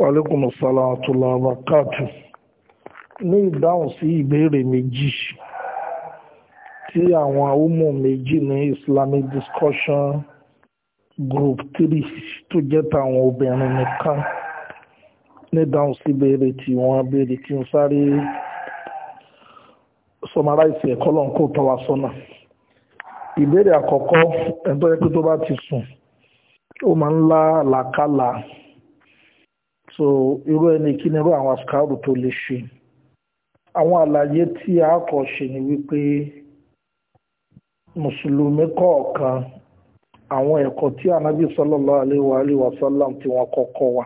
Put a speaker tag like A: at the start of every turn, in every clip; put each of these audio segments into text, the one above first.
A: wàlékùnmù sàlàtùlà àbàkàtù ní ìdáhùn sí ìbéèrè méjì tí àwọn ọmọ méjì ní islamic discussion group three tó jẹ́ tàwọn obìnrin nìkan ní ìdáhùn sí ìbéèrè tí wọ́n béèrè kí n sáré sọmaráìsì ẹ̀kọ́ lọ́n kó tọ́ wa sọ́nà ìbéèrè àkọ́kọ́ ẹ̀ńtọ́ yẹ pé tó bá ti sùn ó máa ń lá làkàlà. so irú ẹni kí ni irú àwọn àsìkáàrù tó lè ṣe àwọn àlàyé tí a kọ ṣe ni wípé mùsùlùmí kọ̀ọ̀kan àwọn ẹ̀kọ́ tí anábì sallallahu alaihi wa sallam tí wọ́n kọ́kọ́ wa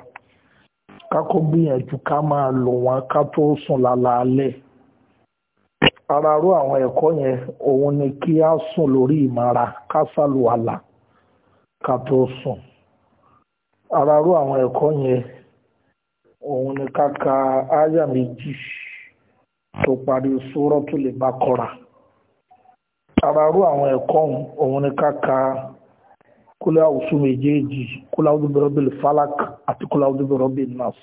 A: kákó gbìyànjú ká máa lò wọ́n ká tó sùn lálaalẹ́ ararú àwọn ẹ̀kọ́ yẹn òun ni kí a sùn lórí ìmara ká sálù àlà ká tó sùn ararú àwọn ẹ̀kọ́ yẹn òun ni káka áyà méjì tó parí Suratul Baqara àràrú àwọn ẹ̀kọ́ òun ni káka kúlẹ̀ àwùsù méjèèjì kúlẹ̀ falak àti kúlẹ̀ àwùsù nas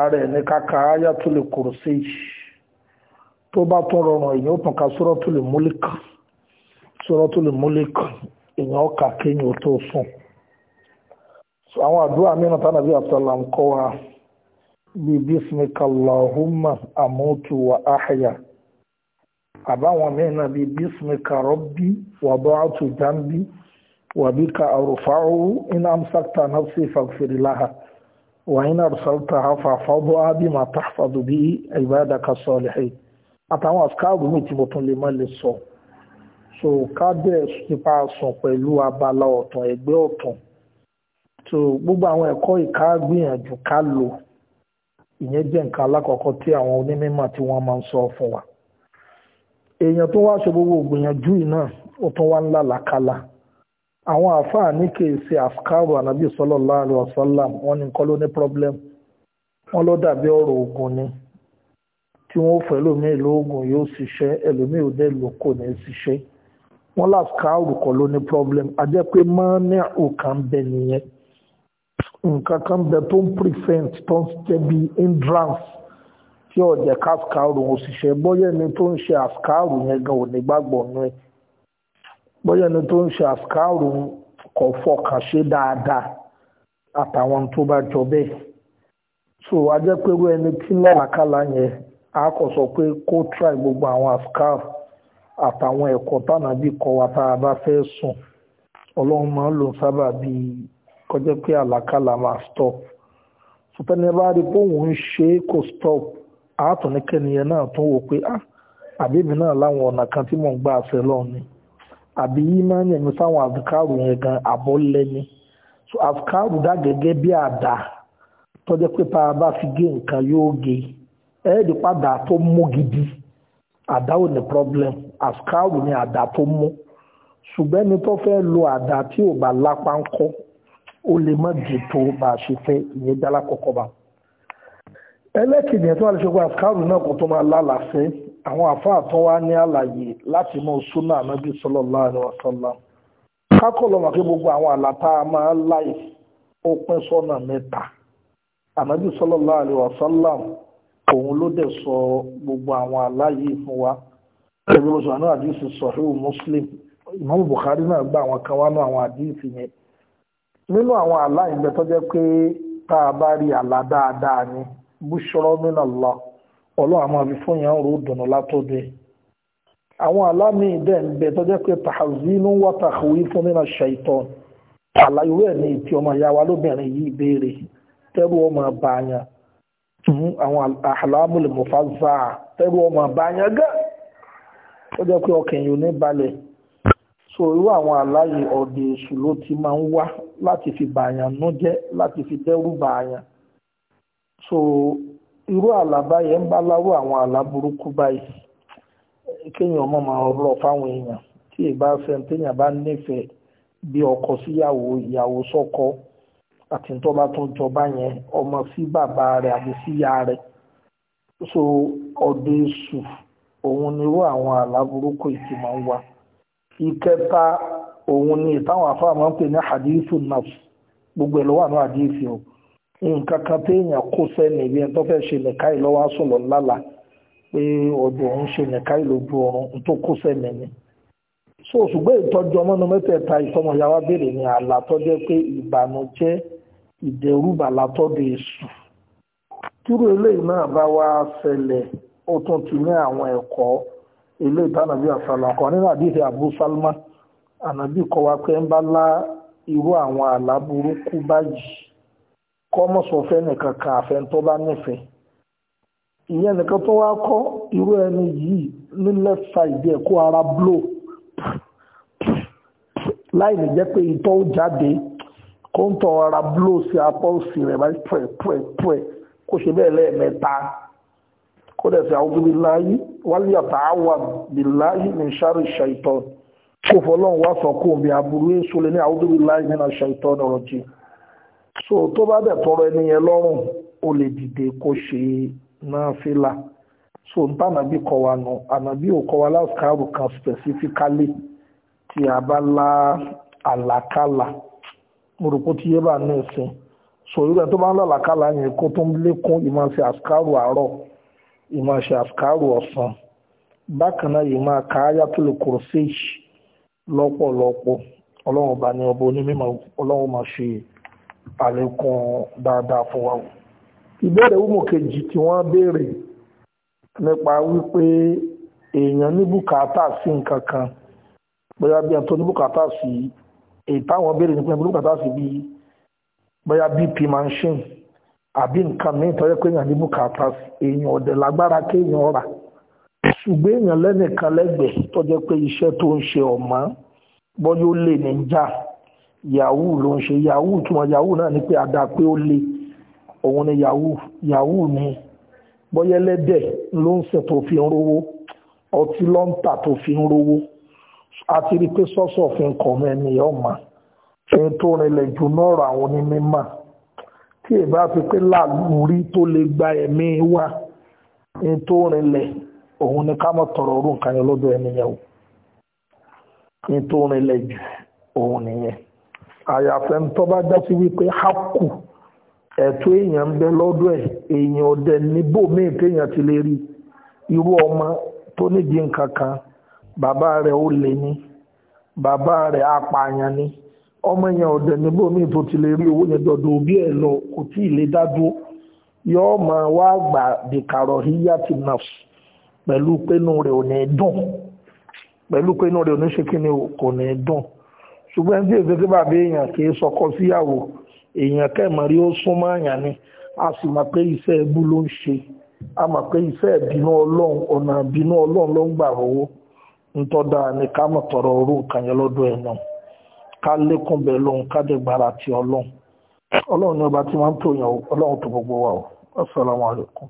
A: ààrẹ ní káka Ayatul Kursi tó bá tún rọrùn èèyàn ó tún ka Suratul Mulk Suratul Mulk èèyàn ó kà kéèyàn ó tó sùn àwọn àdúrà mìíràn tánàbí àtàlà ń wa. ببسمك اللهم أموت وأحيا أباوان منا ببسمك ربي وضعت جنبي وبك أرفعه إن أمسكت نفسي فاغفر لها وإن أرسلتها فاحفظها بما تحفظ به عبادك الصالحين àtàwọn àsìkáàrù mi tí mo tún lè mọ́ lè sọ so kábẹ̀ nípa sùn pẹ̀lú abala ọ̀tún ẹgbẹ́ ọ̀tún so gbogbo àwọn ẹ̀kọ́ ìka gbìyànjú ká lò ìyẹn jẹ́ nǹkan alákọ̀ọ́kọ́ tí àwọn onímọ̀ tí wọ́n máa ń sọ fún wa èèyàn tó wá ṣe gbogbo ògbìyànjú yìí náà ó tún wá ń lálàkálà àwọn àáfàá ní kìí àfikáàrò ànábì sallallahu alaihi wọn ló ní wọn ló dàbí ọ̀rọ̀ ogun ni tí wọn ò lóògùn yóò ṣiṣẹ́ ò kò ní nǹkan kan bẹ tó ń present tó ń jẹ́ bí hindrance tí ọ̀jẹ̀ káskàrò òṣìṣẹ́ bọ́yẹ̀ ni tó ń ṣe àskàrò yẹn gan ò ní gbàgbọ́ nú ẹ̀ bọ́yẹ̀ ni tó ń ṣe àskàrò kò fọkàn ṣe dáadáa àtàwọn tó bá jọ bẹ́ẹ̀ so a jẹ́ pé irú ẹni tí lọ́làkàlà yẹn a kò sọ pé kó try gbogbo àwọn àskàrò àtàwọn ẹ̀kọ́ tánàbí kọ́ wa tá a bá fẹ́ sùn ọlọ́run máa ń lò sábà bíi kọjá pé àlàkalà máa stop sọtẹ́ni bá rí bóun ń ṣe kò stop àátọ̀nìkẹ́niyẹn náà tún wò pé ah, àbí náà láwọn ọ̀nà kan tí mò ń gbà àṣẹ ni àbí yìí máa ń yẹ̀mí sáwọn àfikáàrù yẹn gan so àfikáàrù dá gẹ́gẹ́ ó lè má jù tó bá a ṣe fẹ́ ìyẹn dá lákọ̀ọ́kọ́ bá. ẹlẹ́kìnì ẹ̀ tó wà lè ṣe pé àfikàrù náà kò tó máa lálàáfẹ́ àwọn àfáà tó wá ní àlàyé láti mọ súnà ànábì sallallahu alaihi wasallam kákọ̀lọ́ wà pé gbogbo àwọn àlàtà máa ń láì ó pín sọ́nà mẹ́ta ànábì sallallahu alaihi wasallam òun ló dẹ̀ sọ gbogbo àwọn àlàyé fún wa ẹgbẹ́ bó àná àdìsí sọ̀rọ̀ Muslim Imam Bukhari náà gba àwọn kan wá náà nínú àwọn àlá ìgbẹ́ tó jẹ́ pé tá a bá rí àlá dáadáa ni búṣọrọ min Allah ọlọ́run àmọ́ àfi fún yàn rò dùnú látọ́dẹ àwọn àlá mi dẹ̀ ń bẹ tó jẹ́ pé tàhàzínú wà takhwifun minash shaitan àlá irú ẹ̀ ní ìtì ọmọ ìyá wa lóbìnrin yìí béèrè tẹ́rù ọmọ àwọn tẹ́rù ọmọ gẹ́ tó jẹ́ pé ọkàn yìí ò ní balẹ̀ so irú àwọn aláyè ọ̀dẹ̀ èṣù ló ti máa ń wá láti fi bàyàn nú jẹ́ láti fi dẹ́rù bàyàn so irú àlàbá yẹn ń bá láwọ àwọn buruku báyìí kéèyàn ọmọ máa rọ fáwọn èèyàn tí ìbá fẹ́ téèyàn bá nífẹ̀ẹ́ bí ọkọ síyàwó ìyàwó sọ́kọ àti tó bá tún jọba yẹn ọmọ sí bàbá rẹ̀ àbí síyá rẹ̀ so ọ̀dẹ̀ èṣù òun àwọn yìí ti máa ìkẹta òun ni ìtàwọn afáàmọ́ ń pè ní hadithu nafs gbogbo ẹ̀ ló hadithi o nǹkan kan téèyàn kó sẹ́ni ibi ẹni tó fẹ́ ṣe nìka yìí lọ́wọ́ sọ̀lọ̀ lálàá pé ọ̀dọ̀ òun ṣe nìka yìí lójú ọ̀run tó kó sẹ́ni ni. so ṣùgbọ́n ìtọ́jú ọmọnú mẹ́tẹ̀ẹ̀ta ìtọ́mọ yàrá béèrè ní àlá tó jẹ́ pé ìbànújẹ́ ìdẹ̀rùbà látọ́dọ̀ èṣù. kírò eléyìí náà bá wá ṣẹlẹ̀ ó tún ti ní àwọn ẹ̀kọ́ ilé ìtànàbí àsàlà kan nínú àdìsí Abu Salma ànàbí kọ́ wa pé ń bá lá irú àwọn àlá burúkú báyìí kọ́mọ̀ sọ fẹ́ nìkan kan àfẹ́ntọ́ bá nífẹ̀ẹ́ ìyẹn nìkan tó wá kọ́ irú ẹni yìí ní left side ẹ̀ kó ara blow láì ní jẹ́ pé ìtọ́ jáde kó ń tọ́ ara blow sí apá òsì rẹ̀ báyìí pẹ̀ kó ṣe bẹ́ẹ̀ lẹ́ẹ̀mẹ́ta kó dẹ̀ sí a'udhu billahi wal yata'awwadh billahi min sharri shaitan kó fọlọ́n wá sọ kó bí aburú èso lé ní a'udhu billahi minash shaitan rajim so tó bá dẹ̀ tọrọ ẹni yẹn lọ́rùn ó lè dìde kó ṣe náfìlà so n tá ànàbí kọ wa nù ànàbí ò kọ wa láàkàrù kan specifically tí a bá lá àlàkálà mo rò pé tí yé bá ní ìsìn so ìgbà tó bá ń lá àlàkálà yẹn kó tó ń lékún ìmọ̀ sí àṣkárù àárọ̀ ìmọ̀ ṣe àfikàrò ọ̀sán bákan náà ìmọ̀ ká yàtúlù kùrọ̀sí lọ́pọ̀lọpọ̀ ọlọ́run ọba ní ọba onímọ̀ ọlọ́run máa ṣe àlékún dáadáa fún wa o. ìbéèrè wúmọ̀ kejì tí wọ́n béèrè nípa wípé èèyàn ní bùkátà sí nǹkan kan bóyá bí ẹni tó ní bùkátà sí èyí táwọn béèrè nípa bùkátà sí bíi bóyá bp machine àbí nǹkan míì tọ́jọ́ pé èèyàn ní bùkátà èèyàn ọ̀dẹ̀ lágbára kéèyàn rà ṣùgbọ́n èèyàn lẹ́nìkan lẹ́gbẹ̀ẹ́ tọ́jọ́ pé iṣẹ́ tó ń ṣe ọ̀mọ́ bọ́yá ó lè ní já yahoo ló ń ṣe yahoo túmọ̀ yahoo náà ni pé àdá pé ó lè òun ni yahoo yahoo ni bọ́yá ẹlẹ́dẹ̀ ló ń sìn tó fi ń rówó ọtí ló ń tà tó fi ń rówó àti rí pé sọ́sọ̀ fi ń kọ̀ mọ́ ẹni ọ̀ma fi ń tó rinlẹ̀ jù náà rà àwọn onímọ̀ tí ìbá fi pé láàlúrí tó lè gba ẹ̀mí wa ní tó rinlẹ̀ òun ni ká mọ̀ tọrọ orú nǹkan lọ́dọ̀ ẹni yẹn o ní tó rinlẹ̀ jù òun nìyẹn àyàfẹ́ ń tọ́ bá já sí wípé kù ẹ̀tọ́ èèyàn ń bẹ lọ́dọ̀ ẹ̀ èèyàn ọ̀dẹ níbò míì kan bàbá rẹ̀ ó lè ọmọ yẹn ọ̀dẹ̀ níbò míì tó ti lè rí owó yẹn dọ̀dọ̀ òbí ẹ̀ lọ kò tí ì lè dádúró yóò máa wá gbà dìkàrọ̀ híyá ti nafs pẹ̀lú pẹ́nu rẹ̀ ò ní dùn pẹ̀lú pẹ́nu rẹ̀ ò ní ṣe kí ni kò ní dùn ṣùgbọ́n sọkọ síyàwó èèyàn rí ó àyàn ni a sì mọ̀ pé iṣẹ́ ẹbú ló ń ṣe a mọ̀ pé iṣẹ́ ìbínú ọlọ́run ọ̀nà ìbínú ọlọ́run da ni ká mọ̀ tọrọ orú yẹn ká lékún bẹ̀ lóhun ká dẹ̀ gbára ti ọlọ́run ọlọ́run ní ọba tí wọ́n ń tòyàn ọlọ́run tó gbogbo wa o assalamu alaikum